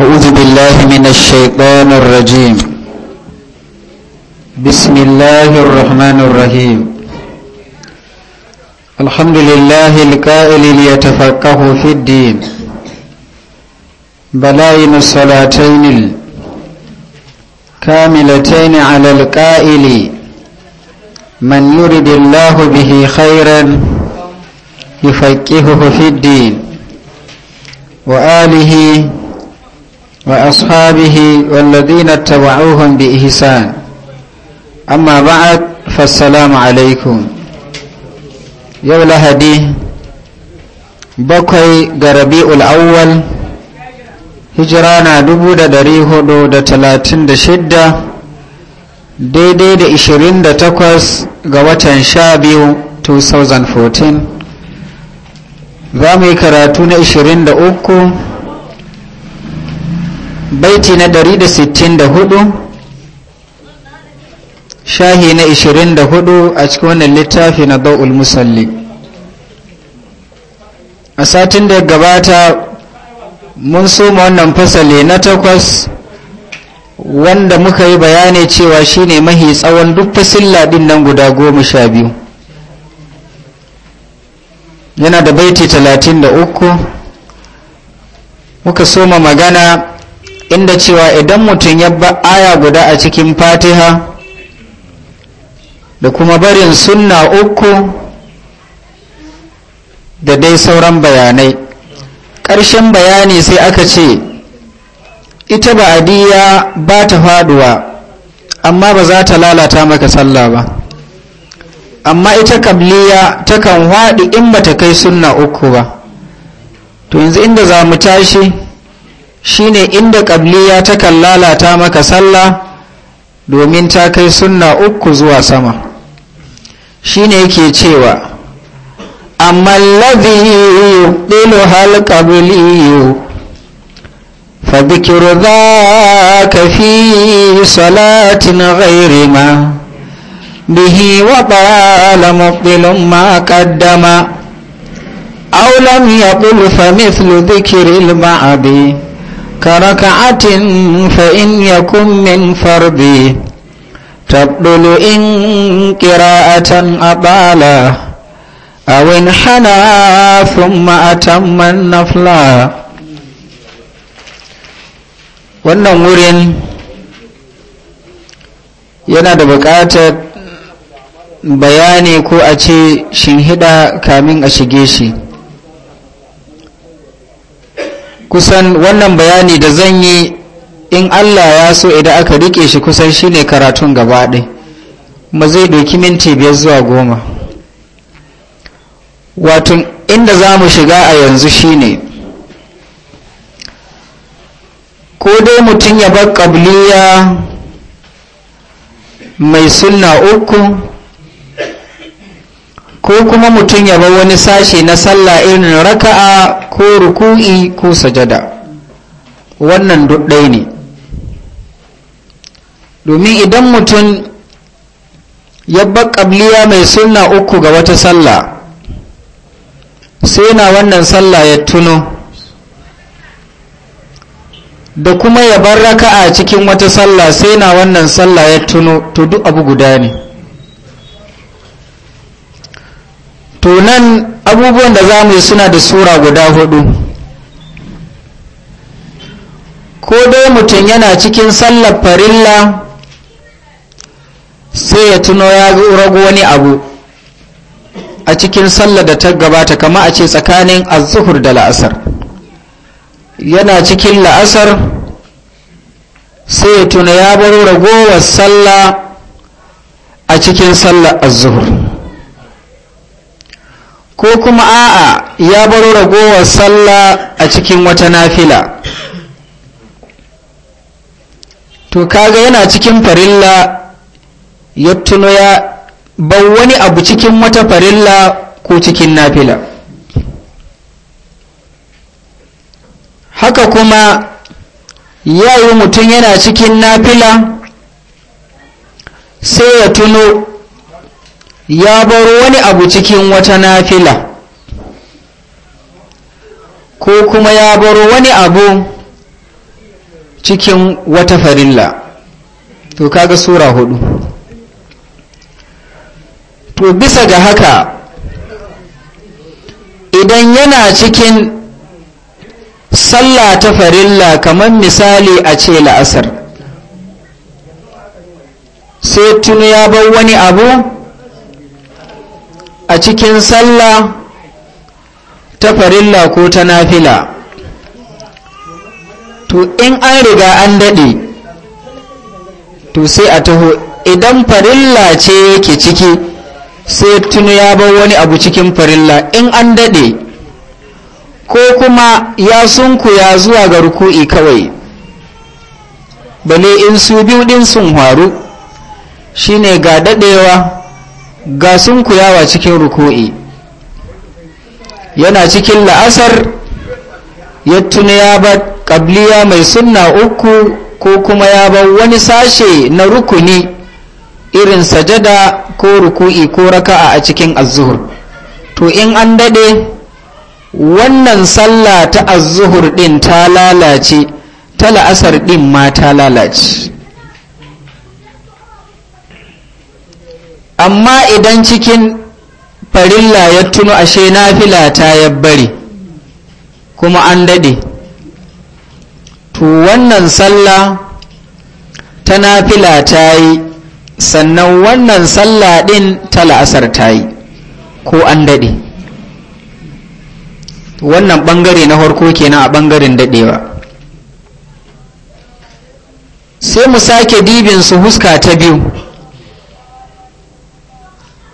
أعوذ بالله من الشيطان الرجيم بسم الله الرحمن الرحيم الحمد لله الكائل ليتفقه في الدين بلائن الصلاتين الكاملتين على الكائل من يرد الله به خيرا يفقهه في الدين وآله وآله وأصحابه والذين اتبعوهم بإحسان أما بعد فالسلام عليكم يا لهدي بقي ربيع الأول hijira na dubu da dari hudu da talatin da shidda daidai da ishirin da takwas ga watan sha biyu 2014 za mu yi karatu na ishirin da uku baiti na 164 shahi na 24 a cikin wannan littafi na da'ul musalli a satin da gabata mun soma wannan fasali na takwas wanda muka yi bayani cewa shine mahi tsawon duk fasilla din nan guda goma sha biyu yana da baiti talatin da uku muka soma magana inda cewa idan mutum ya ba aya guda a cikin fatiha da kuma barin sunna uku da dai sauran bayanai ƙarshen bayani sai aka ce ita ba'adiyya ba ta faduwa amma ba za ta lalata maka sallah ba amma ita kabliya takan haɗi in ba ta kai sunna uku ba to yanzu inda za mu tashi shine inda ƙabliya takan lalata maka sallah domin ta kai sunna uku zuwa sama shine yake cewa amma lazi ɗilo hal qabliyu fa za ka fi salatin ghairi ma bihi wa qala ma ƙaddama aulam ya yaqul mithlu ma'adi كركعة فإن يكن من فردي تبدل إن قراءة أبالا أو انحنى ثم أتم النفلا wannan wurin yana da buƙatar bayani ko a ce shinhida kamin a shige shi kusan wannan bayani da zan yi in allah ya so idan aka rike shi kusan shine karatun gaba ɗai zai ɗauki minti biyar zuwa goma wato inda za mu shiga a yanzu shine ko dai mutum ya bar ƙabliya mai sunna uku ko kuma mutum ya bar wani sashe na sallah irin raka'a ko ruku'i ko sajada wannan ɗaya ne domin idan mutum ya bar ƙabliya mai sunna uku ga wata sallah sai na wannan sallah ya tuno da kuma ya bar raka'a cikin wata sallah sai na wannan sallah ya tuno to duk abu guda ne Tunan abubuwan da za mu yi suna da sura guda hudu ko dai mutum yana cikin sallar farilla sai ya tuno ya rago wani abu a cikin sallar da ta gabata kama a ce tsakanin azuhur da la'asar yana cikin la'asar sai ya tuno ya baro ragowar sallah a cikin sallar azuhur ko kuma a'a ya bar ragowar sallah a cikin wata nafila to kaga yana cikin farilla ya tuno ya bar wani abu cikin wata farilla ko cikin nafila haka kuma yayi mutum yana cikin nafila sai ya tuno ya bar wani abu cikin wata nafila ko kuma ya bar wani abu cikin wata farilla to kaga sura hudu to bisa ga haka idan yana cikin sallah ta farilla kamar misali a ce la'asar sai tun ya bar wani abu a cikin sallah ta farilla ko ta nafila to in an riga an daɗe to sai a taho idan farilla ce yake ciki sai tuni ya bar wani abu cikin farilla in an daɗe ko kuma ya sunkuya zuwa ga ruku'i kawai bale in su biyu ɗin sun faru shine ga daɗewa ga sun kuyawa cikin ruku'i yana cikin la'asar ya tuni ya ba ƙabliya mai sunna uku ko kuma ya ba wani sashe na rukuni irin sajada ko ruku'i ko raka'a a cikin azuhur to in an daɗe wannan sallah ta azuhur ɗin ta lalace ta la'asar ɗin ma ta lalace amma idan cikin farilla ya tuno ashe nafila ta ya bari kuma an daɗe to wannan sallah ta nafila ta yi sannan wannan sallah ɗin ta la'asar ta yi ko an daɗe wannan ɓangare na harko kenan a ɓangaren daɗewa sai mu sake dibin su huska ta biyu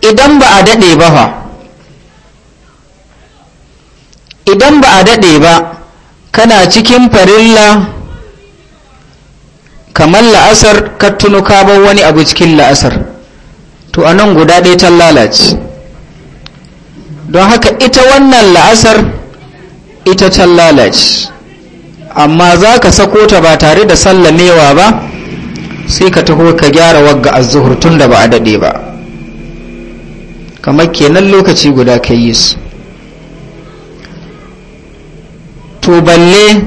idan ba a daɗe ba fa idan ba a daɗe ba kana cikin farilla kamar la'asar ka tuno ka bar wani abu cikin la'asar to a nan guda ɗaya ta lalace don haka ita wannan la'asar ita ta lalace amma za ka sako ta ba tare da sallamewa ba sai ka taho ka gyara wagga azuhur tun da ba a daɗe ba kamar kenan lokaci guda ka yi su to balle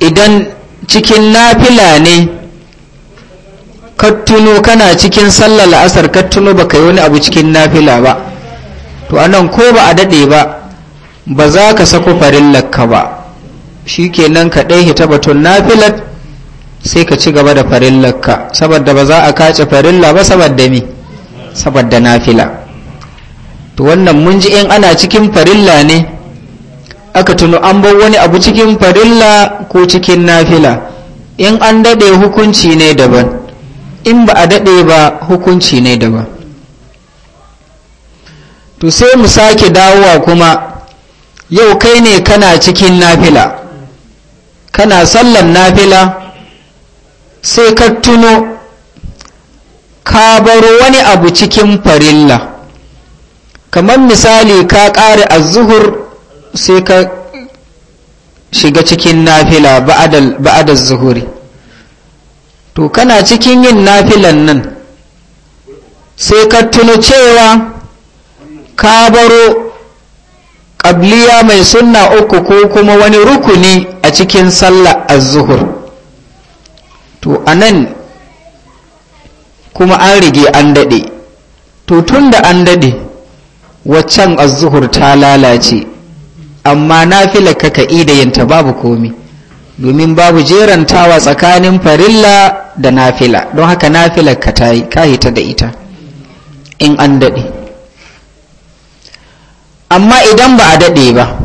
idan cikin nafila ne ka kana cikin sallar la'asar ka ba ka yi wani abu cikin nafila ba to anan ko ba a daɗe ba ba za ka sako farillarka ba shi kenan ka ɗai hita batun nafilar sai ka ci gaba da farillarka saboda ba za a kace farilla ba saboda mi saboda nafila to wannan mun ji in ana cikin farilla ne aka tuno an bar wani abu cikin farilla ko cikin nafila in an daɗe hukunci ne daban in ba a daɗe ba hukunci ne daban to sai mu sake dawowa kuma yau kai ne kana cikin nafila kana sallan nafila sai ka tuno ka bar wani abu cikin farilla kamar misali ka ƙare a zuhur sai ka shiga cikin nafila ba'adar zuhuri to kana cikin yin nafilan nan sai ka tuno cewa ka baro ƙabliya mai sunna uku ko kuma wani rukuni a cikin sallar azuhur to a nan kuma an rige an daɗe to tun da an daɗe waccan azuhur ta lalace amma na filaka ka idayinta babu komi domin babu jerantawa tsakanin farilla da nafila don haka nafilarka ta yi ta da ita in an daɗe amma idan ba a daɗe ba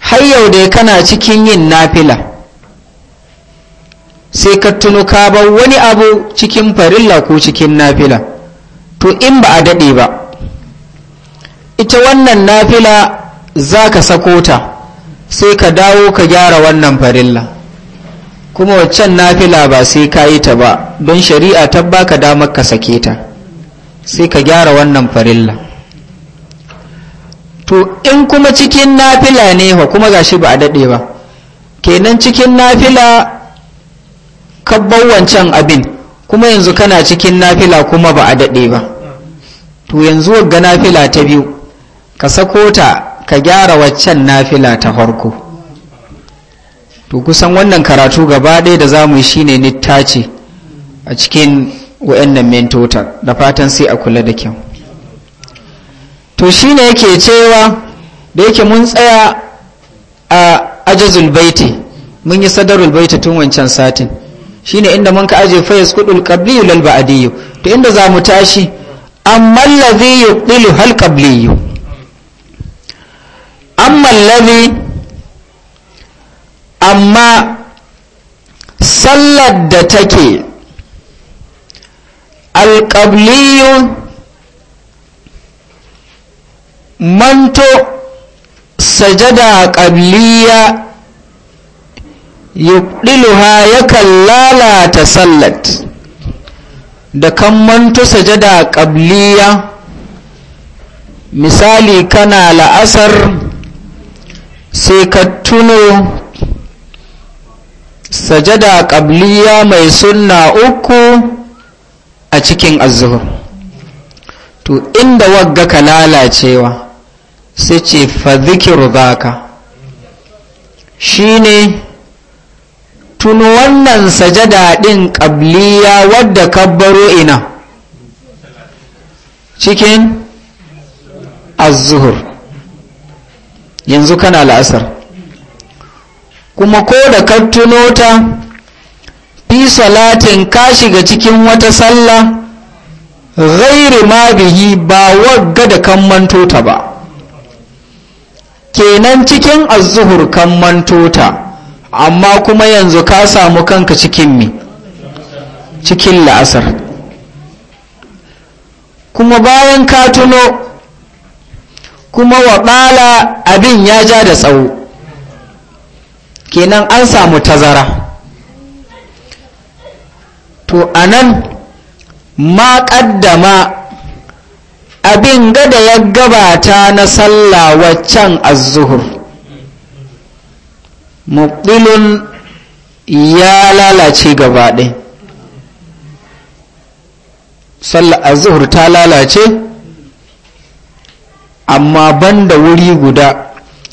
har yau dai kana cikin yin nafila sai ka tuno ka bar wani abu cikin farilla ko cikin nafila to in ba a daɗe ba ita wannan nafila za ka sako ta sai ka dawo ka gyara wannan farilla kuma waccan nafila ba sai ka yi ta ba don shari'a ta baka damar ka sake ta sai ka gyara wannan farilla to in kuma cikin nafila ne kuma gashi ba a daɗe ba kenan cikin nafila kabbar wancan abin kuma yanzu kana cikin nafila kuma ba a daɗe ba to yanzu wagga nafila ta biyu ka sako ta ka gyara waccan nafila ta farko to kusan wannan karatu gaba ɗaya da za mu yi shine nitta a cikin wa'annan mentota da fatan sai a kula da kyau to shine yake cewa da yake mun tsaya a ajazul baiti mun yi sadarul baiti tun wancan satin shine inda mun ka aje fa yasqudul qabliyu lal ba'diyu to inda za mu tashi amma allazi yuqbilu hal qabliyu amma allazi amma sallar da take alƙabliyu manto sajada ƙabliya yuɗiluha yakan lalata sallat da kammanto sajada ƙabliya. misali kana la'asar sai ka tuno sajada ƙabliya mai sunna uku a cikin azzhur to inda wagga ka lalacewa sai ce fa zikiru zaka shine tun wannan sajada ɗin ƙabliya wadda kabbaro ina cikin azuhur yanzu kana la'asar kuma ko da ka tuno ta fi salatin ka shiga cikin wata sallah ghairi ma bihi ba wagga da kan manto ba kenan cikin azuhur kan manto amma kuma yanzu ka samu kanka cikin mi cikin la'asar kuma bayan ka tuno kuma ɓala abin ya ja da tsawo kenan an samu tazara to anan ma ƙaddama abin gada ya gabata na sallah waccan zuhur. mubdilun ya lalace gaba ɗai sallar zuhur ta lalace amma banda wuri guda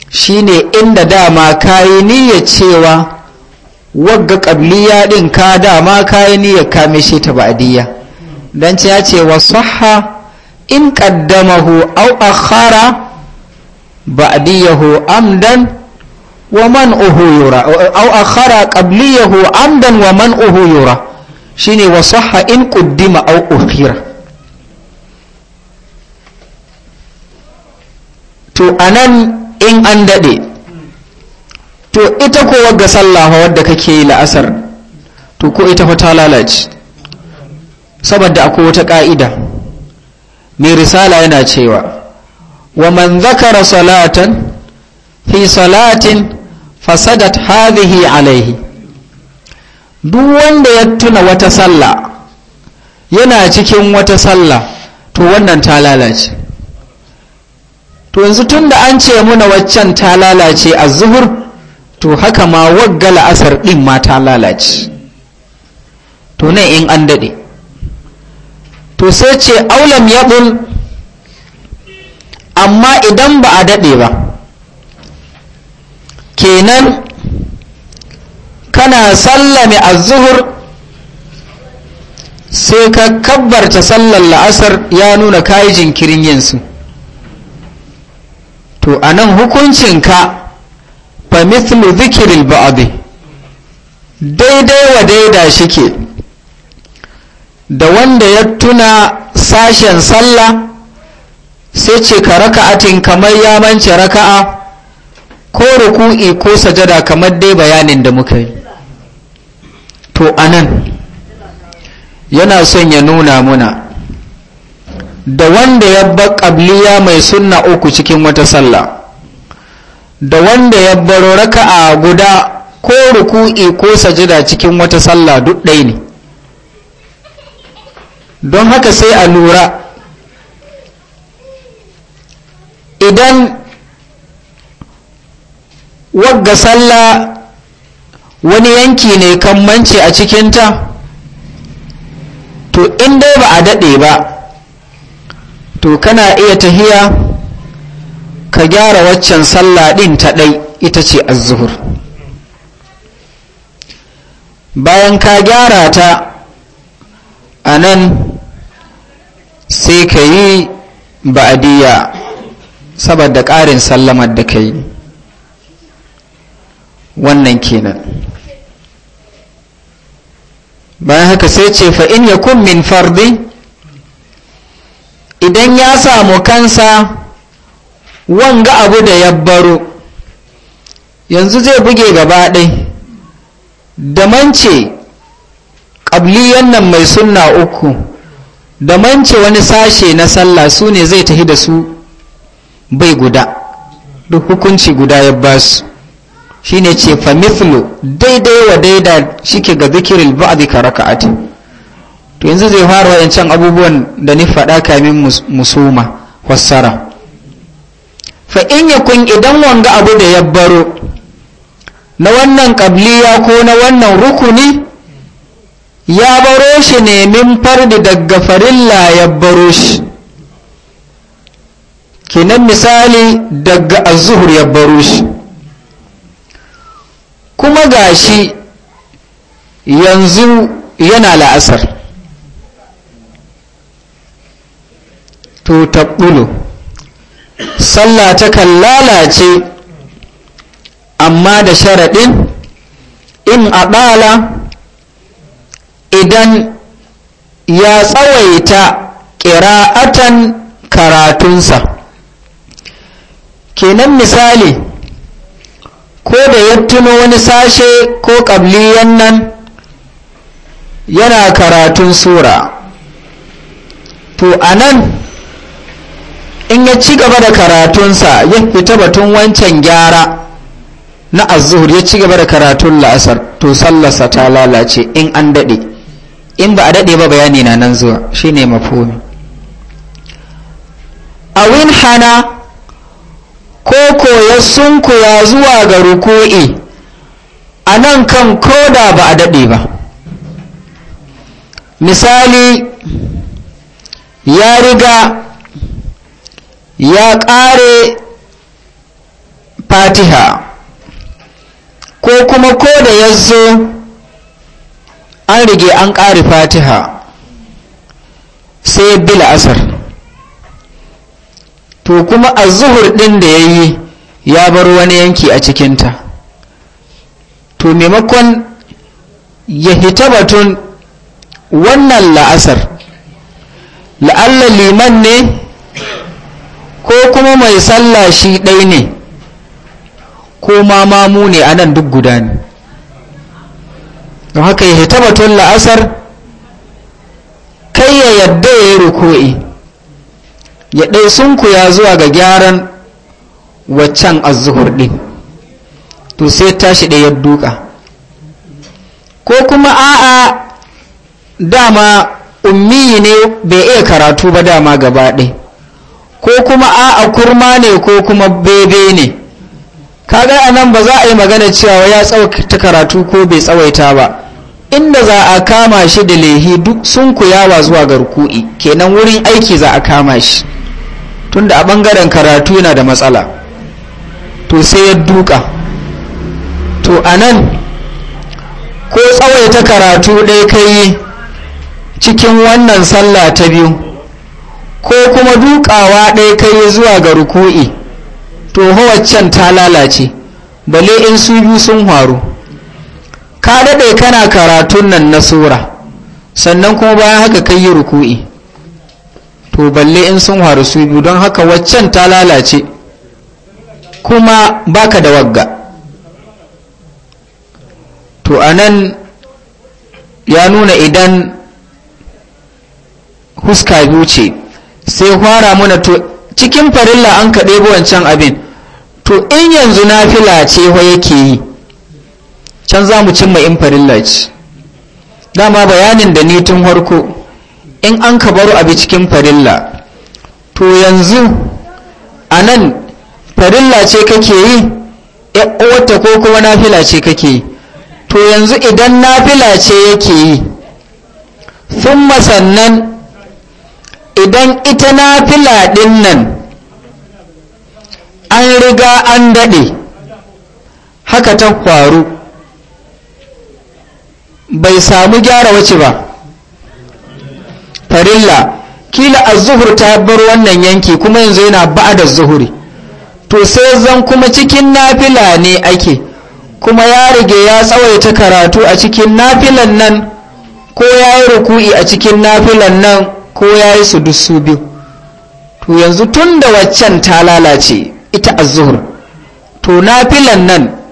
shine inda dama kayi niyyar cewa wagga ƙabliya ɗin ka dama kayi niyyar kame shi ta ba'adiyya don ce ya ce wa sahha in ƙaddamahu au akhara ba'adiyyahu amdan ومنعه يرى أو أخر قبليه عمدا ومنعه يرى شيني وصح إن قدم أو أخير to anan in an daɗe to ita ko wagga wadda kake yi la'asar to ko ita ta lalace saboda akwai wata ƙa'ida mai risala yana cewa wa man zakara salatan fi salatin fasadat hadhihi alaihi duk wanda ya tuna wata sallah yana cikin wata sallah to wannan ta lalace to yanzu tunda an ce muna waccan ta lalace a zuhur to haka ma wagga la'asar ɗin ma ta lalace to nan in an daɗe to sai ce aulam yaɗin amma idan ba a daɗe ba kenan kana sallame azuhur sai ka kabbarta sallar la'asar ya nuna kayi jinkirin yinsu to a nan hukuncinka fa mithlu zikiril ba'adi daidai wa daida shi ke. da wanda ya tuna sashen sallah sai ce ka raka'atin kamar ya mance raka'a ko ruku'i ko sajada kamar dai bayanin da muka yi to anan yana son ya nuna muna da wanda ya bar ƙabliya mai sunna uku cikin wata sallah da wanda ya baro raka'a guda ko ruku'i ko sajada cikin wata sallah duk ɗaya ne don haka sai a lura idan wagga sallah wani yanki ne kan mance a cikinta to in dai ba a daɗe ba to kana iya tahiya ka gyara waccan sallah ɗin ta ɗai ita ce azuhur bayan ka gyara ta a nan sai ka yi ba'adiyya saboda ƙarin sallamar da ka yi wannan kenan bayan haka sai ce fa in ya min fardi idan ya samu kansa wanga abu da ya baro yanzu zai buge gaba ɗai da mance ƙabliyan nan mai sunna uku da mance wani sashe na sallah su ne zai tafi da su bai guda duk hukunci guda ya basu. shine ce fa mithlu daidai wa daida shike ga zikiril ba'dhi ka raka'ati to yanzu zai fara wayancan abubuwan da ni faɗa kamin musuma fassara fa in yakun idan wanga abu da ya baro na wannan qabliya ko na wannan rukuni ya baro shi ne min fardi daga farilla ya baro shi kenan misali daga zuhur ya baro shi kuma ga shi yanzu yana la'asar to sallah sallah kan lalace amma da sharaɗin in a ɓala idan ya tsawaita ƙira'atan karatunsa kenan misali ko da ya tuno wani sashe ko ƙabliyan nan yana karatun sura to a nan in ya ci gaba da karatunsa ya fita batun wancan gyara na azuhur ya ci gaba da karatun la'asar to sallarsa ta lalace in an daɗe in ba a daɗe ba bayani na nan zuwa shine mafomi a win hana ko koya sunkuya zuwa ga ruku'i a nan kan koda ba a daɗe ba misali ya riga ya ƙare fatiha ko kuma koda ya zo an rige an ƙare fatiha sai bil asar to kuma a zuhur ɗin da ya yi ya bar wani yanki a cikinta to maimakon ya hita batun wannan la'asar la'alla liman ne ko kuma mai sallah shi ɗai ne ko ma mamu ne a nan duk guda ne haka ya hita batun la'asar kai ya yarda ya yi ya ɗai sunkuya zuwa ga gyaran waccan azuhur ɗin to sai tashi ɗaya duka ko kuma a'a dama ummi ne bai iya karatu ba dama gaba ɗai ko kuma a'a kurma ne ko kuma bebe ne kaga a nan ba za a yi magana cewa ya tsawaita karatu ko bai tsawaita ba inda za a kama shi da lehi duk sun kuyawa zuwa ga ruku'i kenan wurin aiki za a kama shi tunda a ɓangaren karatu yana da matsala to sai ya duka to a nan ko tsawaita karatu ɗaya kai cikin wannan sallah ta biyu ko kuma dukawa ɗaya kai zuwa ga ruku'i to waccan ta lalace bale in su biyu sun haru ka daɗe kana karatun nan na sura sannan kuma bayan haka kai yi ruku'i to balle in sun haru su biyu don haka waccan ta lalace kuma baka da wagga to anan ya nuna idan huska biyu ce sai fara muna to cikin farilla an ka ɗebo wancan abin to in yanzu na fila ce wa yake yi can za mu cimma in farilla ce dama bayanin da ni tun harko in an ka baro abu cikin farilla to yanzu a nan farilla ce kake yi wata ko kuma nafila ce kake yi to yanzu idan nafila ce yake yi sun sannan idan ita nafila din nan an riga an daɗe haka ta faru bai samu gyara wace ba farilla kila az ta bar wannan yanki kuma yanzu yana da zuhuri to sai zan kuma cikin nafila ne ake kuma ya rige ya tsawaita karatu a cikin nafilan nan ko ya yi ruku'i a cikin nafilan nan ko ya yi su dusu biyu to yanzu tun da waccan ta lalace ita azuhur to nafilan nan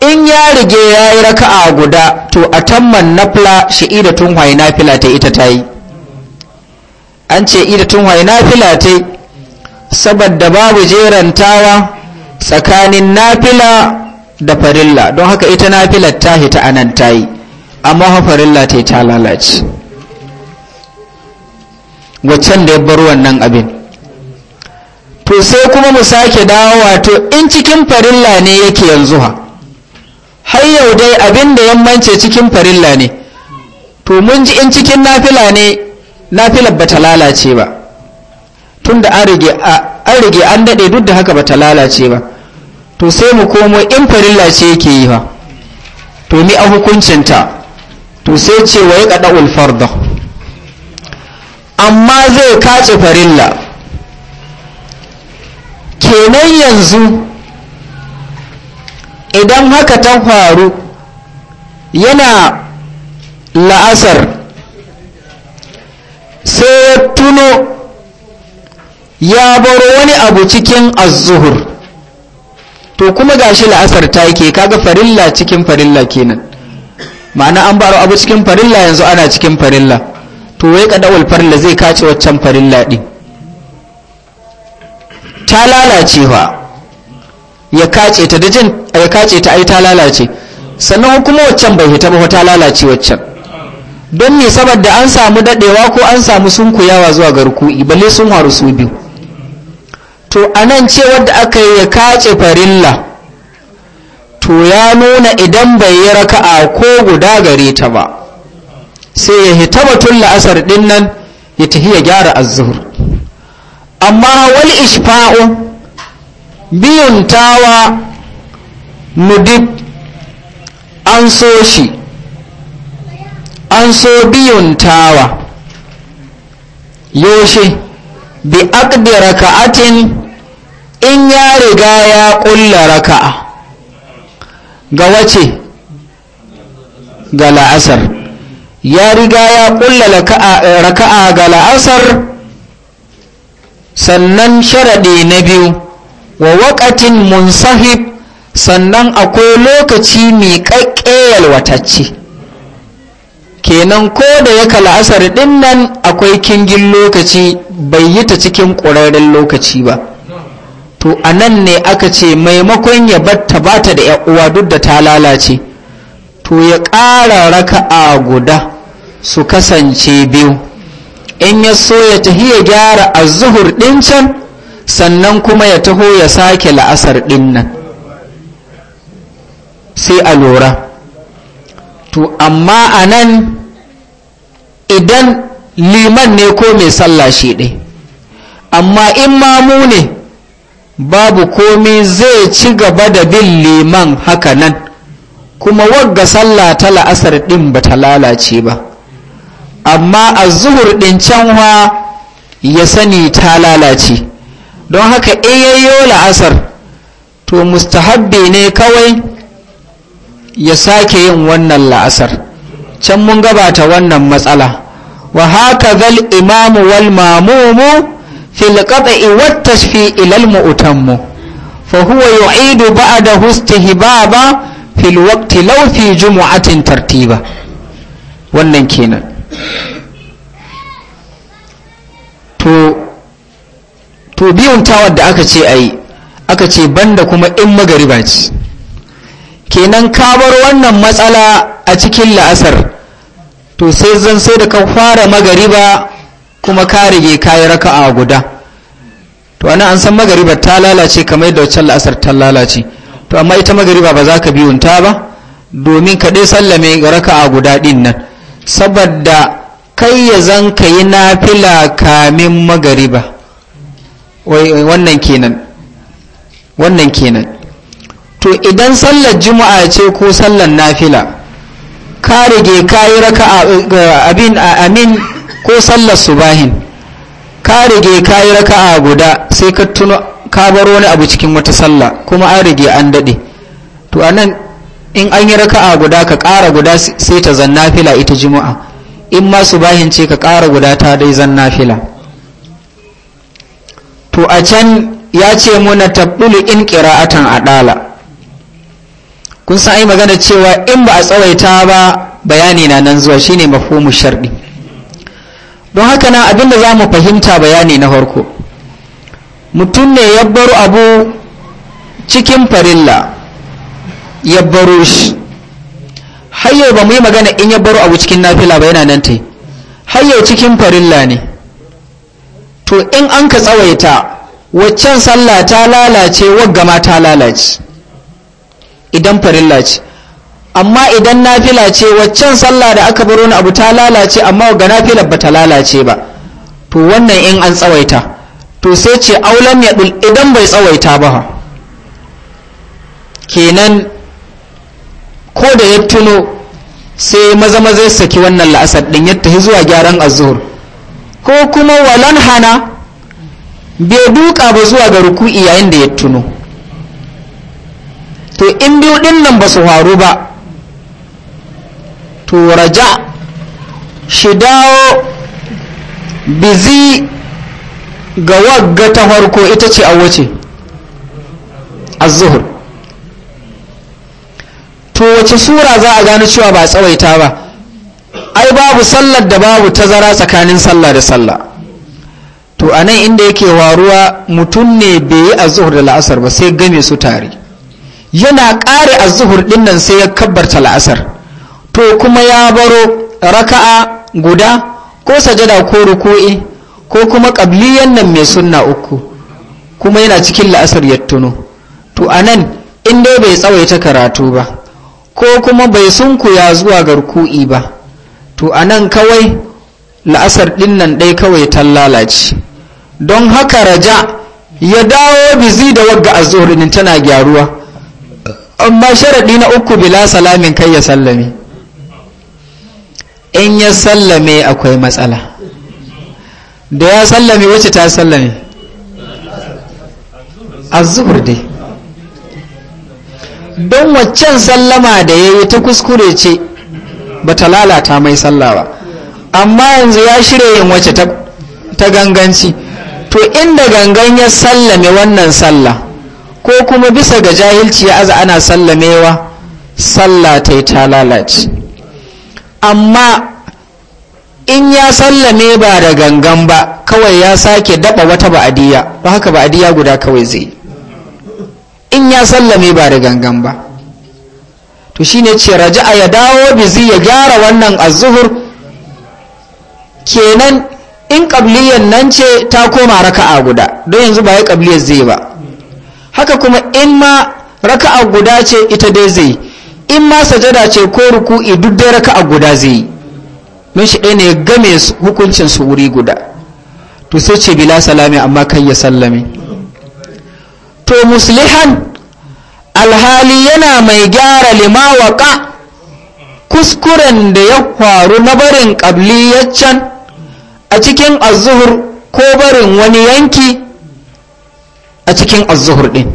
in ya rige ya yi raka'a guda to a tamman nafila ida tun waye nafila ta ita ta yi an ce ida tun waye nafila ta yi saboda babu jerantawa tsakanin nafila da farilla don haka ita nafilar ta hita a nan ta yi amma farilla ta yi ta lalace waccan da ya bar wannan abin to sai kuma mu sake dawo wato in cikin farilla ne yake yanzu ha har yau dai abin da yammance cikin farilla ne to mun ji in cikin nafila ne nafilar bata lalace ba tun da an rige an daɗe duk da haka bata lalace ba to sai mu komo in farilla ce yake yi ba to ni a hukuncinta to sai ce wa ya ƙaɗa ulfarda amma zai kace farilla kenan yanzu idan haka ta faru yana la'asar sai ya tuno ya baro wani abu cikin azuhur to kuma gashi la'asar ta yake kaga farilla cikin farilla kenan ma'ana an baro abu cikin farilla yanzu ana cikin farilla to wai kadawul farilla zai kace waccan farilla din ta lalacewa ya kace ta da jin ya kace ta ai ta lalace sannan kuma waccan bai hita ba ta lalace waccan don me saboda an samu dadewa ko an samu sunkuyawa zuwa garku'i balle sun haru su biyu to anan ce wanda aka yi ya kace farilla to ya nuna idan bai yi raka'a ko guda gare ta ba sai ya hita batun la'asar din nan ya tafi ya gyara az amma wal ishfa'u biyun tawa mudib an so shi an so biyun tawa yoshe bi akdi raka'atin in ya riga ya ƙulla raka'a ga wace ga la'asar ya riga ya ƙulla raka'a ga la'asar sannan sharaɗe na biyu wa waƙatin munsahib sannan akwai lokaci mai ƙaƙƙeyar watacce kenan ko da ya kala asar ɗin nan akwai kingin lokaci bai yi ta cikin ƙwararren lokaci ba to a nan ne aka ce maimakon ya batta bata da uwa duk da ta lalace to ya ƙara raka'a guda su kasance biyu in ya so ya tahi ya gyara a zuhur ɗin can sannan kuma ya taho ya sake la'asar ɗin sai a lura to amma a nan idan liman ne ko mai sallah shi ɗai amma in mamu ne babu komi zai ci gaba da bin liman haka nan kuma wagga sallah ta la'asar ɗin ba ta lalace ba amma a zuhur ɗin canwa ya sani ta lalace don haka in yayyo la'asar to mustahabbi ne kawai ya sake yin wannan la'asar can mun gabata wannan matsala wa haka zal imamu wal mamumu fil qat'i wat tashfi'i lil mu'tammu fa huwa yu'idu ba'dahu istihbaba fil waqti law fi jumu'atin tartiba wannan kenan to to biyun tawar da aka ce ayi aka ce banda kuma in magariba ce kenan ka bar wannan matsala a cikin la'asar to sai zan sai da ka fara magariba kuma ka rige raka a guda to ana an san magariba ta lalace kamar yadda wacce la'asar ta lalace to amma ita magariba ba za ka biyunta ba domin ka dai sallame raka'a guda din nan saboda kai ya zan ka yi nafila kamin magariba wannan kenan wannan kenan to idan sallar juma'a ce ko sallar nafila ka rige ka yi raka abin amin ko sallar subahin ka rige ka yi raka'a guda sai ka tuno ka bar wani abu cikin wata sallah kuma an rige an dade to anan in an yi raka'a guda ka ƙara guda sai ta zanna fila ita juma'a in ma subahin ce ka ƙara guda ta dai zanna fila to a can ya ce muna tabdulu in a adala kun san ai magana cewa in ba a tsawaita ba bayani na nan zuwa shine mu sharɗi don haka na abinda za mu fahimta bayani na farko mutum ne ya baro abu cikin farilla ya baro shi hayo ba mu yi magana in ya baro abu cikin nafila ba yana nan ta yi hayo cikin farilla ne to in an ka tsawaita waccan sallah ta lalace wagga ma ta lalace idan farilla ce amma idan nafila ce waccan sallah da aka baro abu ta lalace amma ga nafila ba ta lalace ba to wannan in an tsawaita to sai ce aulam ya dul idan bai tsawaita ba kenan ko da ya tuno sai maza maza ya saki wannan la'asar din ya tafi zuwa gyaran azhur ko kuma walan hana bai duka ba zuwa ga ruku'i yayin da ya tuno to in biyu din nan ba su faru ba to raja shi dawo bizi ga wagga ta farko ita ce a wace azuhur to wace sura za a gano cewa ba tsawaita ba ai babu sallar da babu tazara tsakanin sallah da sallah to a nan inda yake waruwa mutum ne bai yi azuhur da la'asar ba sai game su tare yana ƙare azuhur dinnan sai ya kabbarta la'asar to kuma ya baro raka'a guda ko sajada ko ruku'i ko kuma ƙabliyan nan mai sunna uku kuma yana cikin la'asar ya tuno to a nan in bai tsawaita karatu ba ko kuma bai sunkuya zuwa ga ruku'i ba to a nan kawai la'asar ɗin nan ɗai kawai tan lalace don haka raja ya dawo bizi da wagga a tsorinin tana gyaruwa amma sharaɗi na uku bila salamin kai ya sallame in ya sallame akwai matsala da ya sallame wacce ta sallame As-Zuhur dai don waccan sallama da ya yi ta kuskure ce bata lalata mai sallah ba amma yanzu ya shirya yin wace ta ganganci to inda gangan ya sallame wannan sallah ko kuma bisa ga jahilci ya aza ana sallamewa sallah ta yi ta lalace amma in ya sallame ba da gangan ba kawai ya sake daba wata ba'adiyya ba haka ba'adiyya guda kawai zai in ya sallame ba da gangan ba to shine ce raja'a ya dawo bizi ya gyara wannan azuhur kenan in qabliyan nan ce ta koma raka'a guda don yanzu ba ya qabliyar zai ba haka kuma in ma raka'a guda ce ita dai zai in ma sajada ce ko ruku'i duk dai raka'a guda zai don shi ɗaya ne ya game hukuncin su wuri guda to sai ce bila salami amma kan ya sallame to muslihan alhali yana mai gyara limawaka kuskuren da ya faru na barin ƙabliyaccen a cikin azuhur ko barin wani yanki a cikin azuhur ɗin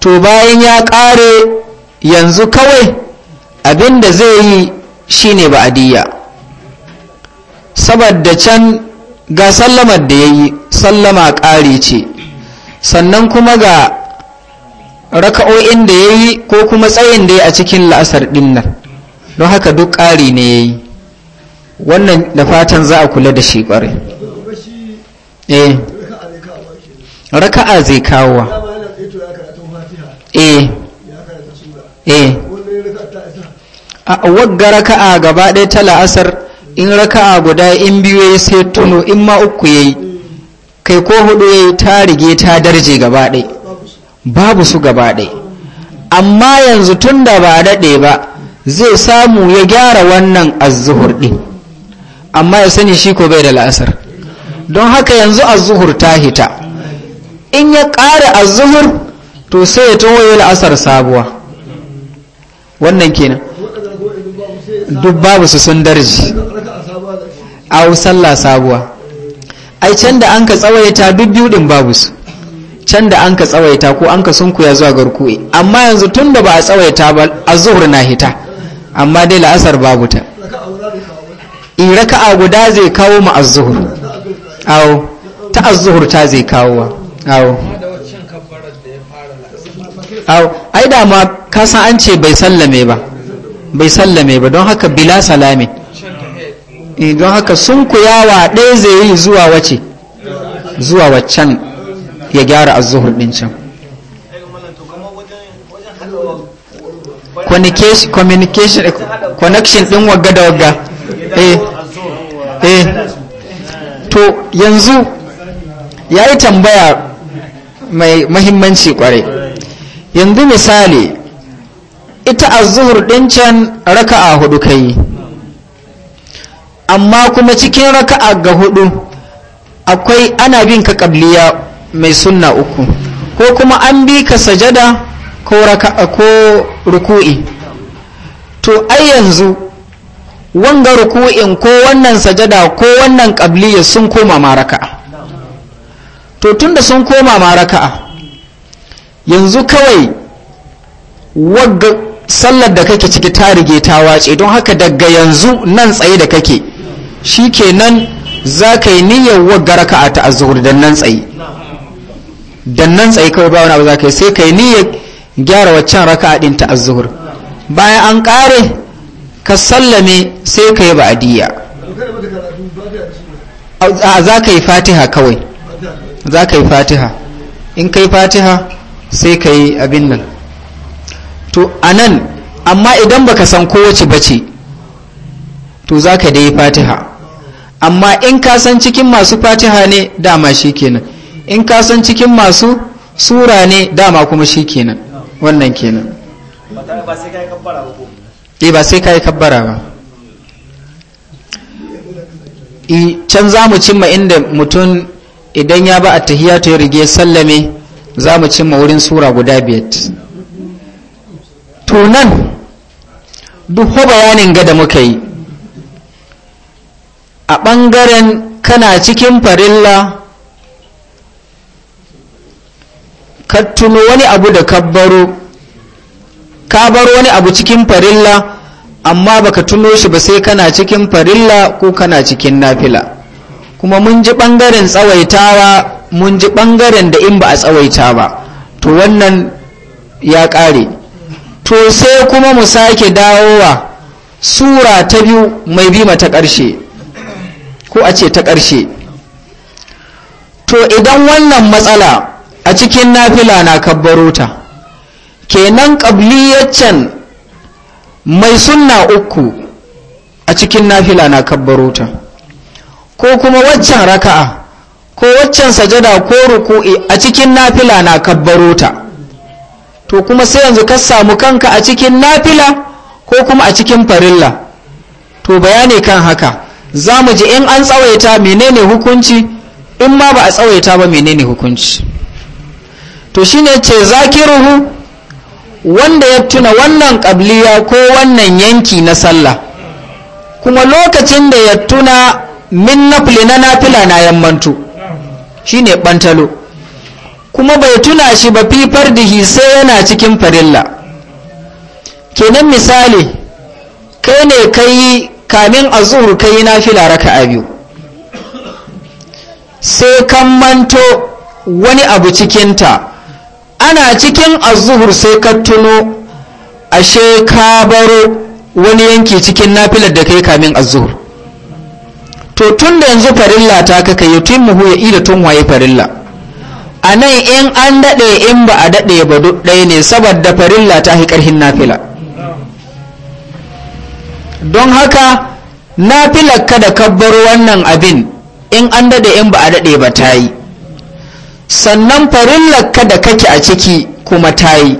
to bayan ya ƙare yanzu kawai abinda zai yi shine ba'adiyya saboda can ga sallamar da ya yi sallama ƙare ce sannan kuma ga raka'o'in da ya yi ko kuma tsayin da ya a cikin la'asar dinnan don haka duk ƙari ne ya yi wannan da fatan za a kula da shi ƙware. eh raka'a zai kawo eh eh a wagga raka'a gaba ɗaya ta la'asar in raka'a guda in biyu ya sai tuno in ma uku ya yi kai ko hudu ya yi ta rige ta darje gaba ɗaya babu su gaba ɗaya amma yanzu tun da ba daɗe ba zai samu ya gyara wannan azuhur ɗin amma ya sani shi ko bai da la'asar don haka yanzu azuhur ta hita in ya ƙara azuhur to sai ya tuwo ya la'asar sabuwa wannan kenan duk babu su sun darji a sallah sabuwa ai can da an ka tsawaita duk biyu ɗin babu su can da an ka tsawaita ko an ka sunkuya zuwa garkuwe amma yanzu tun da ba a tsawaita ba a zuhur na hita amma dai la'asar babu ta raka'a guda zai kawo mu a zuhur awo ta a zuhur ta zai kawo awo awo ai da ma ka san an ce bai sallame ba bai sallame ba don haka bila salame eh, don haka sunkuyawa ɗaya zai yi zuwa wace zuwa waccan ya gyara azuhur ɗin can connection din wagga da wagga eh eh to yanzu yayi tambaya mai mahimmanci kwarai yanzu misali ita azuhur ɗin can raka'a hudu kai amma kuma cikin raka'a ga hudu akwai ana bin ka kabliya mai sunna uku ko kuma an bi ka sajada ko ruku'i to ai yanzu wanga ruku'in ko wannan sajada ko wannan qabliya sun koma maraka'a to tunda sun koma maraka'a yanzu kawai wagga sallar da kake ciki ta rige ta wace don haka daga yanzu nan tsaye da kake shikenan za ka niyyar wagga raka'a ta azhur da nan tsaye dan nan tsaye kawai ba wani abu za ka yi sai ka yi niyyar gyara waccan raka'a din ta azuhur. bayan an kare ka sallame sai ka yi ba'adiyya za ka yi fatiha kawai za ka yi fatiha in ka yi fatiha sai ka yi abin nan to a nan amma idan baka san kowace bace to za ka dai fatiha amma in ka san cikin masu fatiha ne dama shi kenan in ka san cikin masu sura ne dama kuma shi kenan wannan kenan E, ba sai ka yi kabbara ba can za mu cimma inda mutum idan ya ba a tahiyatu ya rige sallame za mu cimma wurin sura guda biyat tunan duk bayanin ga da muka yi a ɓangaren kana cikin farilla ka tuno wani abu da kabbaro ka bar wani abu cikin farilla amma baka tuno shi ba sai kana cikin farilla ko kana cikin nafila kuma mun ji bangaren tsawaitawa mun ji bangaren da in ba a tsawaita ba to wannan ya kare to sai kuma mu sake dawowa sura ta biyu mai bima ta ƙarshe ko a ce ta ƙarshe to idan wannan matsala a cikin nafila na kabbarota kenan ƙabliyaccen mai sunna uku a cikin nafila na kabbarota ko kuma waccan raka'a ko waccan sajada ko ruku'i a cikin nafila na kabbarota to kuma sai yanzu ka samu kanka a cikin nafila ko kuma a cikin farilla to bayani kan haka za mu ji in an tsawaita menene hukunci in ma ba a tsawaita ba menene hukunci to shine ce zakiruhu wanda ya tuna wannan ƙabliya ko wannan yanki na sallah kuma lokacin da ya tuna min nafli na nafila na yammantu shine ɓantalo kuma bai tuna shi ba fifar dihi sai yana cikin farilla kenan misali kai ne kai kamin a zuhur kai nafila raka a biyu sai kan manto wani abu cikinta ana cikin azuhur sai ka tuno ashe ka baro wani yanki cikin nafilar da kai kamin azuhur to tun da yanzu farilla ta kaka ya tun mu ya ida tun waye farilla a nan in an daɗe in ba a daɗe ba duk ɗaya ne saboda farilla ta fi ƙarhin nafila don haka nafilar ka da kabbar wannan abin in an daɗe in ba a daɗe ba ta yi sannan farillarka da kake a ciki kuma ta yi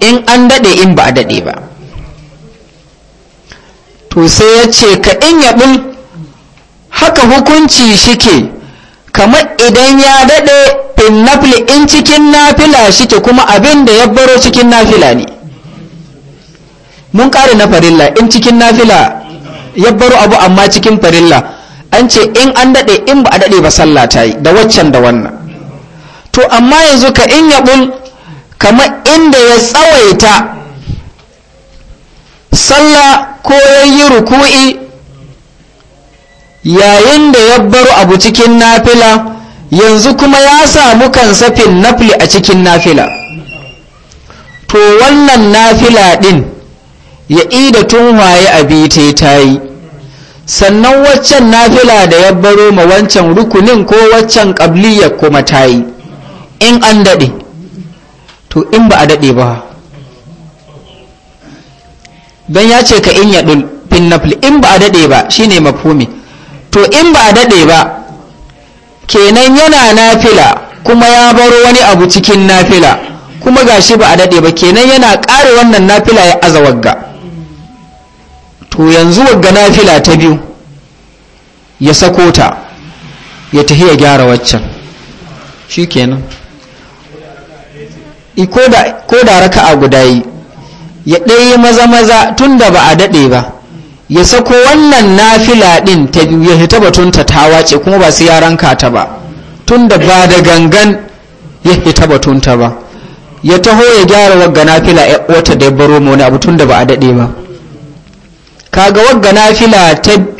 in an daɗe in ba a daɗe ba to sai ya ce ka in yaɓin haka hukunci shike kamar idan ya daɗe finnafili in cikin nafila shike kuma abin da ya baro cikin nafila ne mun ƙare na farilla in cikin nafila ya baro abu amma cikin farilla an ce in an daɗe in ba a daɗe ba sallah ta yi da waccan da wannan to amma yanzu ka in yaɓun kamar inda ya tsawaita sallah ko ya yi ruku'i yayin da ya baro abu cikin nafila yanzu kuma ya samu kansa fin nafli a cikin nafila to wannan nafila ɗin ya ida tun waye abi ta yi sannan waccan nafila da ya baro ma wancan rukunin ko waccan ƙabliyar kuma ta yi in an daɗe to in ba a daɗe ba don ya ce ka in ya ɗulfin fili, in ba a daɗe ba shine mafumi to in ba a daɗe ba kenan yana nafila kuma ya baro wani abu cikin nafila kuma gashi ba a daɗe ba kenan yana ƙare wannan nafila ya aza wagga to yanzu wagga nafila ta biyu ya sako ta ya tafi ya gyara waccan shi kenan ko da raka a guda yi ya ɗaya maza-maza tun da ba a daɗe ba ya sako wannan nafila ɗin ta biyu ya hita batun ta ta wace kuma ba su yaran ta ba tun da ba da gangan ya hita ta ba ya taho ya gyara wagga nafila wata da ya baro mu wani abu tun da ba a daɗe ba kaga wagga nafila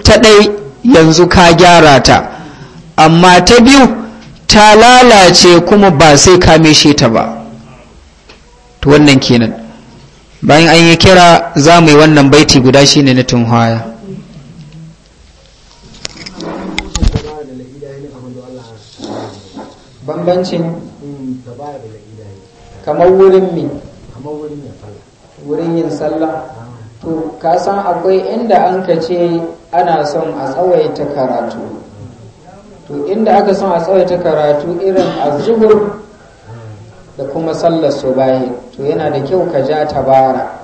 ta ɗai yanzu ka gyara ta amma ta biyu ta lalace kuma ba sai ka meshe ta ba to wannan kenan bayan an yi kira za mu yi wannan baiti guda ne na tunhaya bambancin kamar wurin mi wurin yin sallah to ka san akwai inda an ka ce ana son a tsawaita karatu to inda aka son a tsawaita karatu irin azubur da kuma sallar subahi to yana da kyau ka ja tabara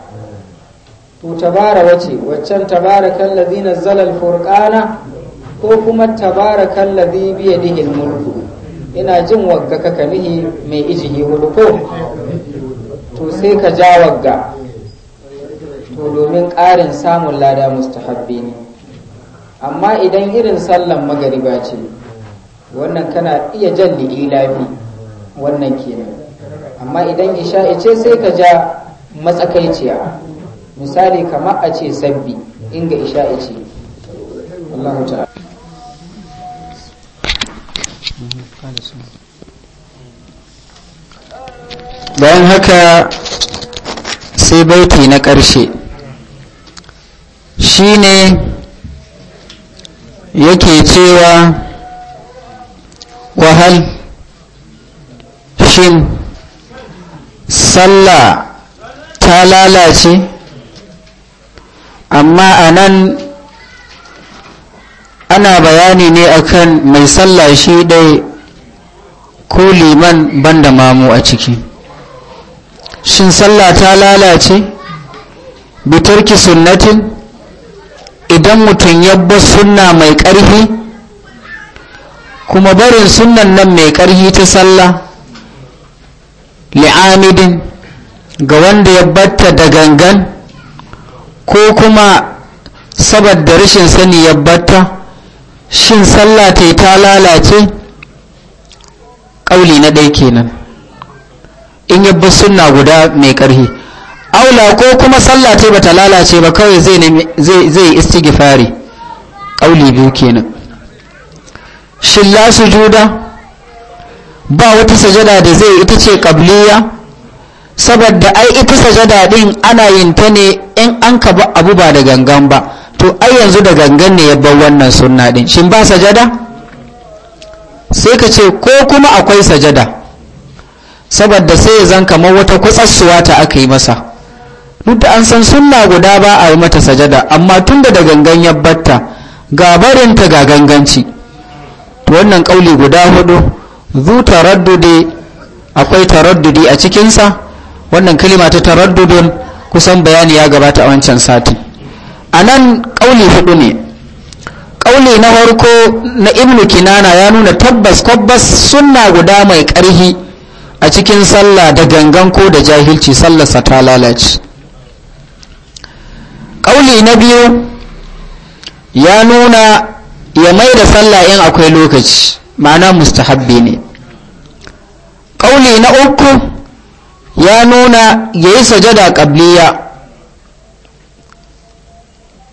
to tabara wace waccan kan lazina zalal Furkana? ko kuma tabara kan biya dihil mulku ina jin wagga ka mai ijihi hudu ko to sai ka ja wagga to domin ƙarin samun lada mustahabbi ne amma idan irin sallan magariba ce wannan kana iya jan lilafi wannan kenan amma idan isha'i ce sai ka ja matsakaiciya misali kamar a ce sabbi inga isha'i ce Allah ta'ala bayan haka sai baiti na ƙarshe Shi ne yake cewa wahal shin sallah ta lalace amma a nan ana bayani ne akan mai sallah shi dai ko liman banda mamu a ciki shin sallah ta lalace bitarki sunnatin idan mutum ya bi sunna mai ƙarfi kuma barin sunan nan mai ƙarfi ta sallah li'amidin ga wanda ya batta da gangan ko kuma saboda rashin sani ya batta shin sallah ta ta lalace ƙauli na ɗaya kenan in yabba sunna guda mai ƙarfi aula ko kuma sallah ce bata lalace ba kawai zai zai zai istighfari auli biyu kenan shin la sujuda ba wata sajada da zai ita ce qabliya saboda ai ita sajada din ana yin ta ne in an ka ba abu ba da gangan ba to ai yanzu da gangan ne ya bar wannan sunna din shin ba sajada sai ka ce ko kuma akwai sajada saboda sai ya zan kamar wata kutsassuwa ta aka yi masa duk an san sunna guda ba a yi mata sajada amma tun da gangan ya batta ga barinta ga ganganci to wannan kauli guda hudu zu taraddudi akwai taraddudi a cikinsa wannan kalima ta taraddudin kusan bayani ya gabata a wancan sati a nan kauli hudu ne kauli na harko na ibnu kinana ya nuna tabbas kwabbas sunna guda mai karhi a cikin sallah da gangan ko da jahilci sallarsa ta lalace ƙauli na biyu ya nuna ya mai da sallah in akwai lokaci ma'ana mustahabbi ne ƙauli na uku ya nuna ya yi sajada ƙabliya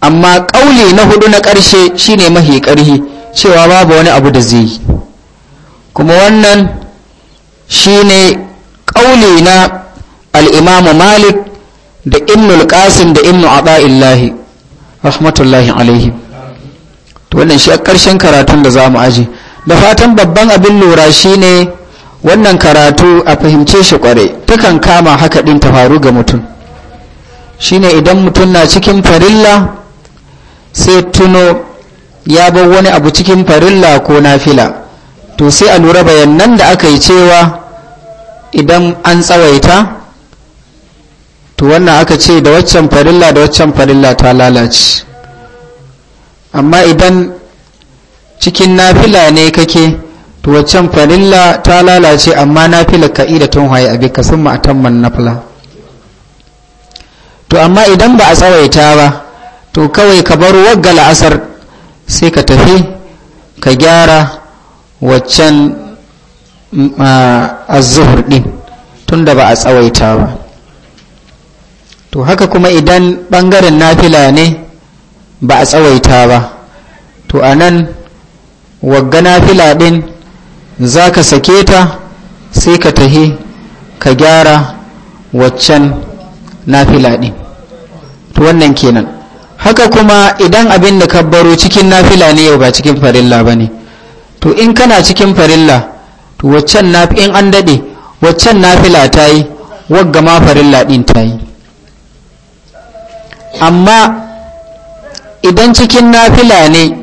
amma ƙauli na hudu na ƙarshe shine mahi ƙarhi cewa babu wani abu da zai yi kuma wannan shine ƙauli na al'imamu malik da ibnul qasim da ibnu ata'illahi rahmatullahi alaihi to wannan shi a ƙarshen karatun da zamu aje da fatan babban abin lura shine wannan karatu a fahimce shi kware takan kama haka din ta faru ga mutum shine idan mutum na cikin farilla sai tuno ya bar wani abu cikin farilla ko nafila to sai a lura bayanan da aka yi cewa idan an tsawaita to wannan aka ce da waccan farilla da waccan farilla ta lalace amma idan cikin nafila ne kake to waccan farilla ta lalace amma nafila ka ida tun haye abi ka sun ma'atamman nafila to amma idan ba a tsawaita ba to kawai ka bar wagga la'asar sai ka tafi ka gyara waccan mm, azuhur din tunda ba a tsawaita ba to haka kuma idan ɓangaren nafila ne ba a tsawaita ba to a nan wagga nafila ɗin za ka sake ta sai ka tahi ka gyara waccan nafila ɗin to wannan kenan haka kuma idan abin da ka baro cikin nafila ne yau ba cikin farilla ba ne to in kana cikin farilla to waccan in an daɗe waccan nafila ta yi wagga ma farilla ɗin ta yi amma idan cikin nafila ne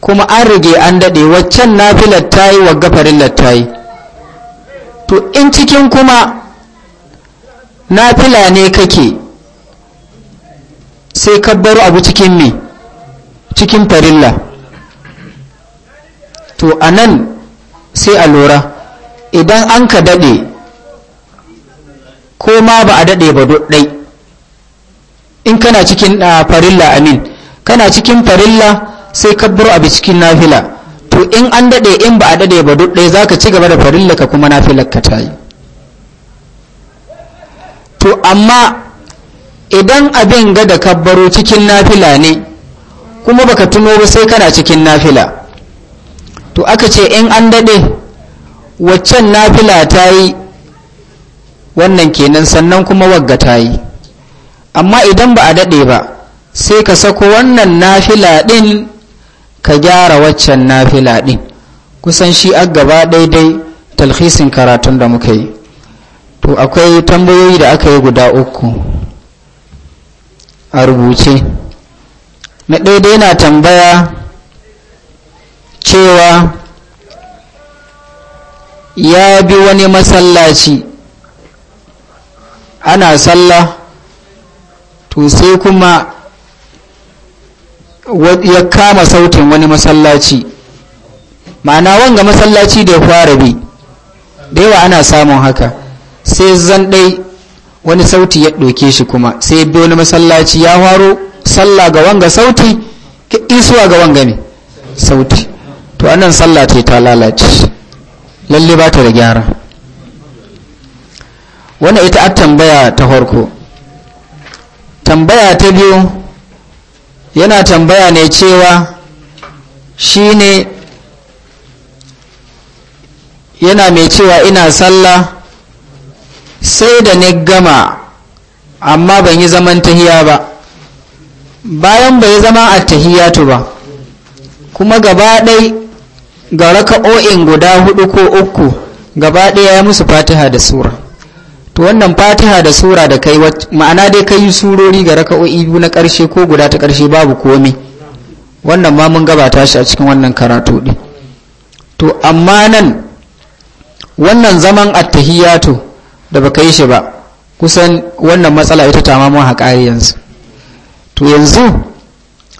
kuma an rige an daɗe waccan nafilar ta yi wa gafarin ta to in cikin kuma nafila ne kake sai kabbaru abu cikin me cikin farilla to a nan sai a lura idan an ka daɗe ko ma ba a daɗe ba ɗai in kana cikin ah, farilla amin kana cikin farilla sai kabbur abu cikin nafila to in an daɗe in ba a daɗe ba duk ɗaya za ka ci gaba da farilla ka kuma nafilar ka ta yi to amma idan abin ga da kabbaro cikin nafila ne kuma baka tuno ba sai kana cikin nafila to aka ce in an daɗe waccan nafila ta yi wannan kenan sannan kuma wagga ta yi amma idan ba a daɗe ba sai ka sako wannan nafila ɗin ka gyara waccan nafila ɗin kusan shi a gaba daidai talhisin karatun da muka yi to akwai tambayoyi da aka yi guda uku a rubuce na daidai na tambaya cewa ya bi wani masallaci ana sallah to sai kuma ya kama sautin wani masallaci ma'ana wanga masallaci da ya fara bi da yawa ana samun haka sai zan dai wani sauti ya ɗauke shi kuma sai bi wani masallaci ya faro sallah ga wanga sauti isuwa ga wanga ne sauti to anan sallah ce ta lalace lalle ba ta da gyara wannan ita a tambaya ta farko tambaya ta biyu yana tambaya ne cewa shi ne yana mai cewa ina sallah sai da ni gama amma ban yi zaman tahiya ba bayan bai zama a tahiya tahiyatu ba kuma gaba ɗai ga raka'o'in guda hudu ko uku gaba ɗaya ya musu fatiha da sura to wannan fatiha da sura da kai ma'ana dai kai surori ga raka'o'i biyu na ƙarshe ko guda ta ƙarshe babu komai wannan ma mun gabata shi a cikin wannan karatu din to amma nan wannan zaman attahiyatu da baka yi shi ba kusan wannan matsala ita ta mamu haƙa yanzu to yanzu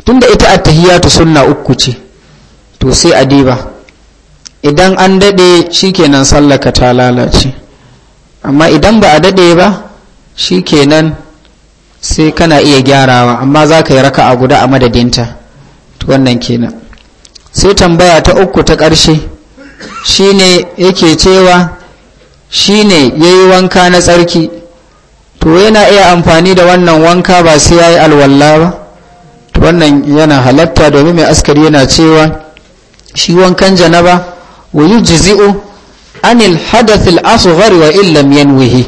tunda ita attahiyatu sunna uku ce to sai a diba idan an daɗe shikenan sallaka ta lalace amma idan ba a daɗe ba shi kenan sai kana iya gyarawa amma za ka yi raka a guda a madadinta wannan kenan sai tambaya ta uku ta ƙarshe shi ne yake cewa shi ne ya yi wanka na tsarki to yana iya amfani da wannan wanka ba sai ya yi alwalla ba to wannan yana halatta domin mai askari yana cewa shi wankan janaba wuyu yi jizi'u anil hadathil asghar wa illam yanwihi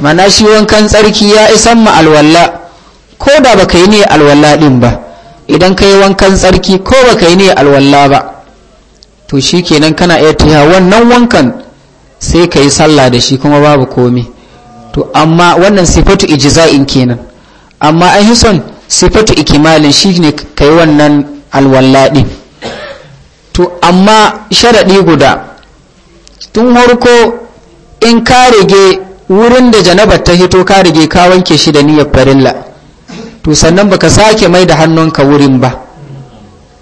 mana shi wankan tsarki ya isan ma alwala ko da baka yi ne alwala din ba idan kai wankan tsarki ko baka yi ne alwala ba to shikenan kana iya tiya wannan wankan sai ka yi sallah da shi kuma babu komi to amma wannan sifatu ijza'in kenan amma an hison sifatu ikimalin shi ne kai wannan alwala din to amma sharaɗi guda tun harko in ka rage wurin da janabar ta hito ka rage ka wanke shi da niyyar farilla to sannan baka sake mai da hannunka wurin ba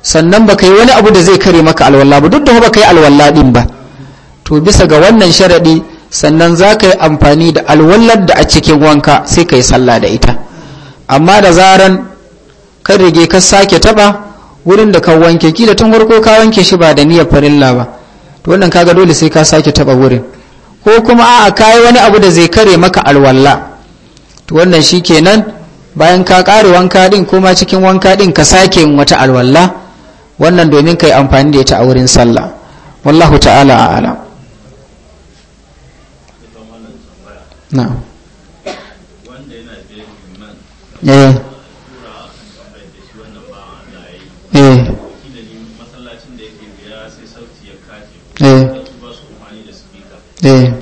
sannan baka yi wani abu da zai kare maka alwala ba duk da baka yi alwala din ba to bisa ga wannan sharadi sannan za ka yi amfani da alwallar da a cikin wanka sai ka yi sallah da ita amma da zaran kan rage ka sake taba wurin da ka wanke ki tun farko ka wanke shi ba da niyyar farilla ba to wannan kaga dole sai ka sake taba wurin ko kuma a'a kayi wani abu da zai kare maka alwalla to wannan shikenan bayan ka kare wanka din kuma cikin wanka din ka sake yin wata alwalla wannan domin kai amfani da ita a wurin sallah wallahu ta'ala a'lam na'am eh eh Eh. Eh. Eh.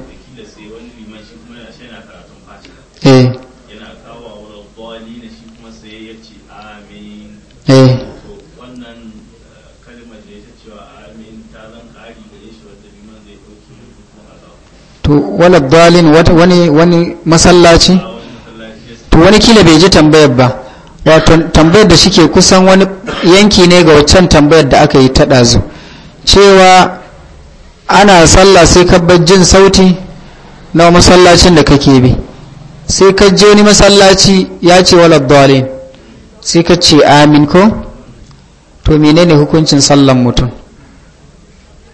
to dalin wani wani masallaci to wani kila bai ji tambayar ba wato tambayar da shike kusan wani yanki ne ga waccan tambayar da aka yi ta ɗazu cewa ana sallah sai ka bar jin sauti na masallacin da kake bi sai ka je wani masallaci ya ce walad dalin sai ka ce amin ko to menene hukuncin sallan mutum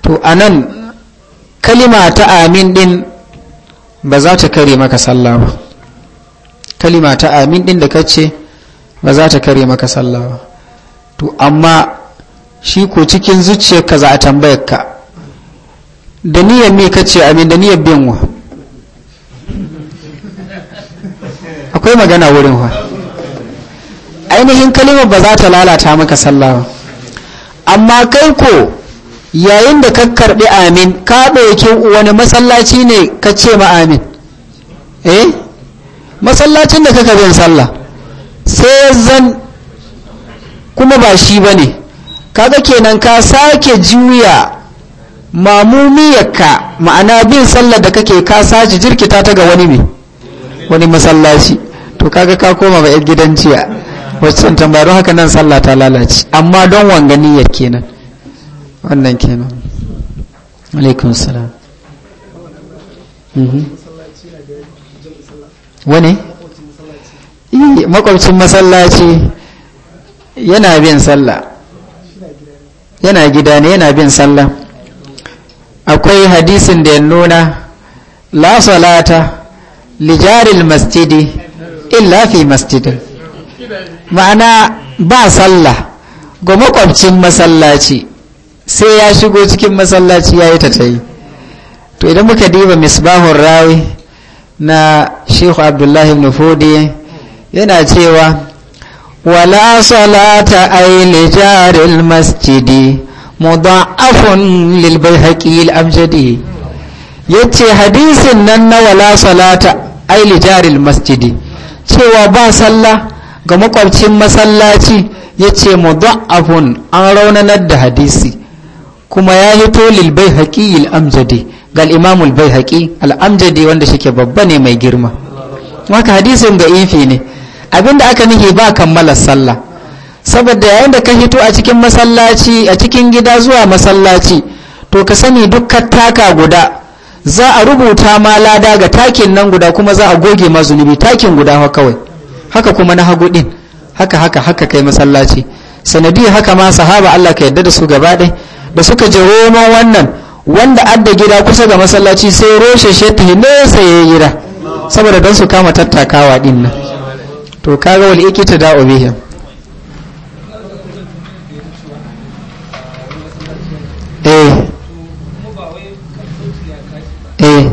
to anan kalima ta amin din ba za ta kare maka sallah ba kalima ta amin din da ka ce ba za ta kare maka sallah ba to amma shi ko cikin zuciyarka za a tambayarka da niyyar me kace amin da bin wa. akwai magana wurin wa ainihin kalimar ba za ta lalata maka sallah amma kai ko yayin da ka karbi amin ka ɗauki wani masallaci ne ka ce ma amin eh masallacin da kaka bin sallah sai zan kuma ba shi ba ne kaga kenan ka sake juya mamumiyarka ma'ana bin sallar da kake ka sace jirkita ta ga wani ne wani masallaci to kaga ka koma ba yar gidan jiya wacce son tambayarun haka nan sallah ta lalace amma don wanganiyar kenan wannan kenan alaikun salam mhm. wani eh, makwabcin masallaci yana bin sallah yana gida ne yana bin sallah akwai hadisin da ya nuna la salata lijaril masjidi illa fi masjidin ma'ana ba sallah ga makwabcin masallaci sai ya shigo cikin masallaci ya yi ta ta yi to idan muka diba misbahun rawi na shehu abdullahi nufodi yana cewa wala salata ai lijaril masjidi mudha'afun lil bayhaqi al amjadi yace hadisin nan na wala salata ai li jaril masjidi cewa ba sallah ga makwabcin masallaci yace mudha'afun an raunanar da hadisi kuma ya hito lil bayhaqi al amjadi ga al-imam al bayhaqi al amjadi wanda shike babba ne mai girma maka hadisin da ifi ne abinda aka nihi ba kammala sallah saboda yayin da ka hito a cikin masallaci a cikin gida zuwa masallaci to ka sani dukkan taka guda za a rubuta ma lada ga takin nan guda kuma za a goge ma zunubi takin guda kawai haka kuma na hagu din haka haka haka kai masallaci sanadi haka ma sahaba Allah ka yarda da su gaba ɗaya da suka je ma wannan wanda adda gida kusa ga masallaci sai roshe shi ta nesa ya gida saboda don su kama tattakawa din nan to kaga wal ikita da obihim eh eh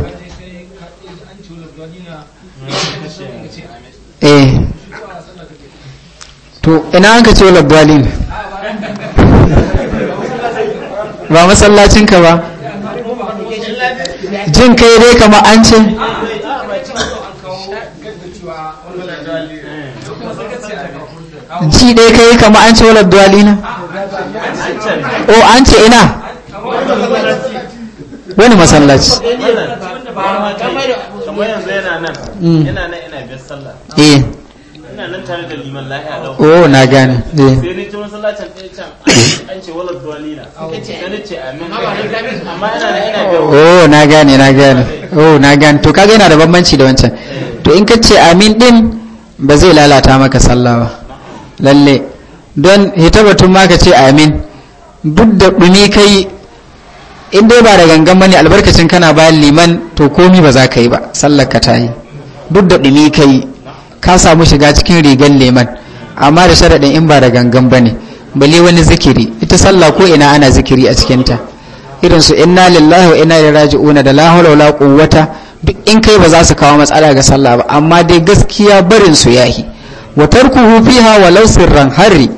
eh to ina an ka ce labbalin ba masallacin ka ba jin kai dai kama an ce ji dai kai kama an ce wala duwalina o oh, an ce ina wani masallaci eh. eh oh na gane sai eh. oh na gane na gane oh na gane to kaga yana da bambanci da wancan to in ka ce amin din ba zai lalata maka sallah ba lalle don hitabatun ma ka ce amin duk da ɗumi kai in dai ba da gangan ne albarkacin kana bayan liman to komi ba za ka yi ba sallar ka ta yi duk da ɗumi ka yi ka samu shiga cikin rigar liman amma da sharaɗin in ba da gangan bane bale wani zikiri ita sallah ko ina ana zikiri a cikinta irin su inna lillahi wa inna ilaihi raji'un da la hawla wala quwwata duk in kai ba za su kawo matsala ga sallah ba amma dai gaskiya barin su yahi wa tarkuhu fiha walau sirran harri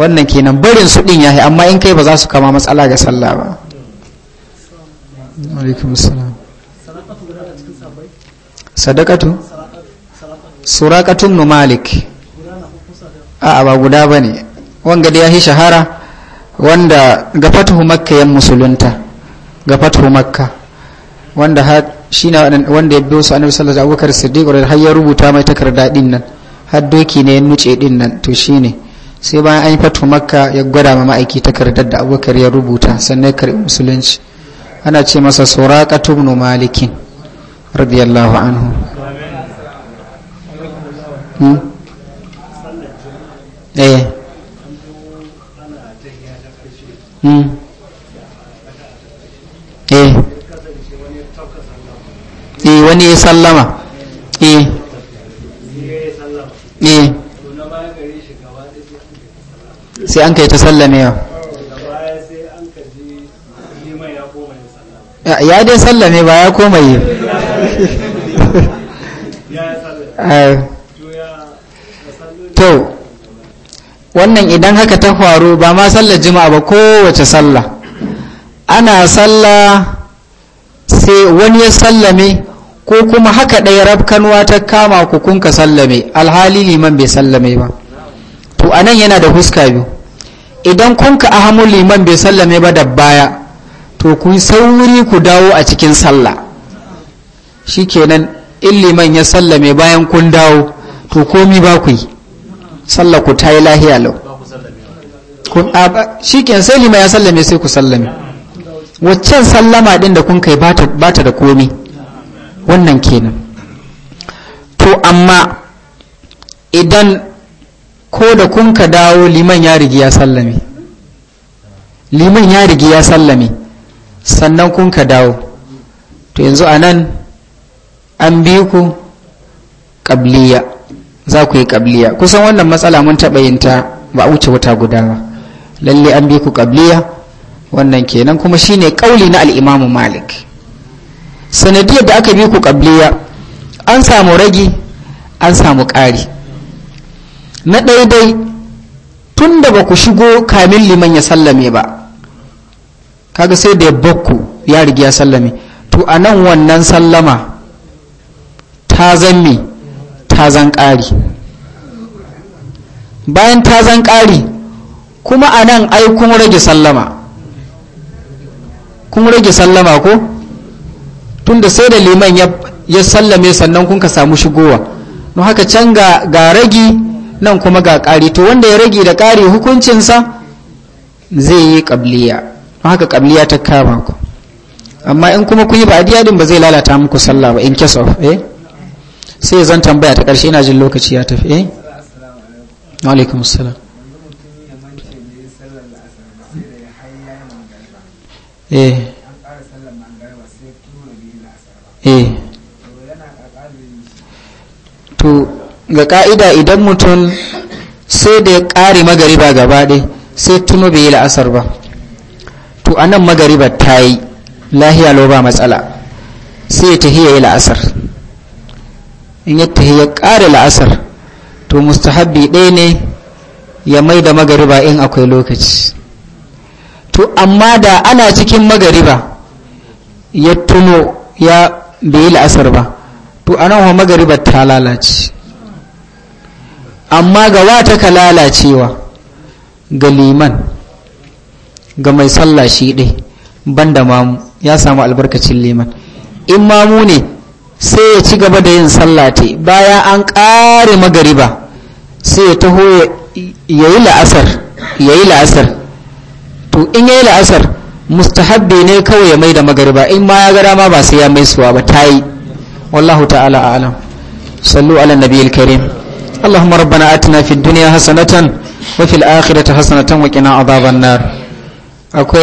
wannan kenan barin su din yahi amma in kai ba za su kama matsala ga sallah ba alaikum salam sadaqatu suraqatu ibn malik a'a ba guda bane wanga da yahi shahara wanda ga fatuhu makka yan musulunta ga fatuhu makka wanda har shine wanda ya biyo su annabi sallallahu alaihi abubakar siddiq da har ya rubuta mai takarda din nan har doki ne ya nuce din nan to shine sai bayan an yi fatuhu makka ya gwada ma ma'aiki takardar da abubakar ya rubuta sannan ya karɓi musulunci ana ce masa suraqatu ibn malikin radiyallahu anhu hmm? Eh. Hmm? Eh. eh wani ya sallama eh, eh. sai an kai ta sallamewa ya dai sallame ba ya koma yi to wannan idan haka ta faru ba ma sallar juma'a ba kowace sallah ana sallah sai wani ya sallame ko kuma haka ɗaya rabkanwa ta kama ku ka sallame alhali liman bai sallame ba to anan yana da fuska biyu idan kunka ahamu liman bai sallame ba da baya to ku yi sauri ku dawo a cikin sallah shikenan in liman ya sallame bayan kun dawo to komi ba ku yi sallah ku ta yi lahiya lau shikenan sai liman ya sallame sai ku sallame waccan sallama din da kun kai ba ta da komi wannan kenan to amma idan ko da kun ka dawo liman ya rigi ya sallame liman ya rigi ya sallame sannan kun ka dawo to yanzu a nan an bi ku ƙabliya za ku yi ƙabliya kusan wannan matsala mun taɓa yin ta ba a wuce wata guda ba lalle an bi ku ƙabliya wannan kenan kuma shine ƙauli na al'imamu malik sanadiyar da aka bi ku ƙabliya an samu ragi an samu ƙari na ɗaiɗai tun da ba ku shigo kamin liman ya sallame ba kaga sai da ya ya rigi ya sallame to a nan wannan sallama ta zan me ta zan ƙari bayan ta zan ƙari kuma a nan ai kun rage sallama kun rage sallama ko tunda sai da liman ya sallame sannan kun ka samu shigowa no haka can ga ragi nan kuma ga ƙari to wanda ya rage da ƙari hukuncinsa zai yi ƙabliya haka kabliya ta kama ku amma in kuma kun yi ba'diya din ba zai lalata muku sallah ba in case of eh sai zan tambaya ta karshe ina jin lokaci ya tafi eh alaikum salam eh eh to ga ka'ida idan mutum sai da ya kare magariba gaba ɗaya sai tuno bai yi la'asar ba to anan magaribar ta yi lahiya lo ba matsala sai ya tahiya yi la'asar in ya tahiya ƙare la'asar to mustahabbi ɗaya ne ya mai da magariba in akwai lokaci to amma da ana cikin magariba ya tuno ya bai la'asar ba to anan wa magaribar ta lalace amma ga wata ka lalacewa ga liman ga mai sallah shi ɗai ban da mamu ya samu albarkacin liman in mamu ne sai ya ci gaba da yin sallah te baya an ƙare magariba sai ya taho ya yi la'asar ya yi la'asar to in ya yi la'asar mustahabbi ne kawai ya mai da magariba in ma ya gara ma ba sai ya mai suwa ba ta yi wallahu ta'ala Alam sallu ala nabiyil karim اللهم ربنا آتنا في الدنيا حسنة وفي الآخرة حسنة وقنا عذاب النار Okay.